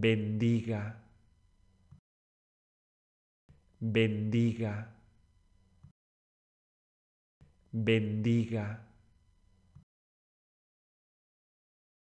bendiga, bendiga, bendiga.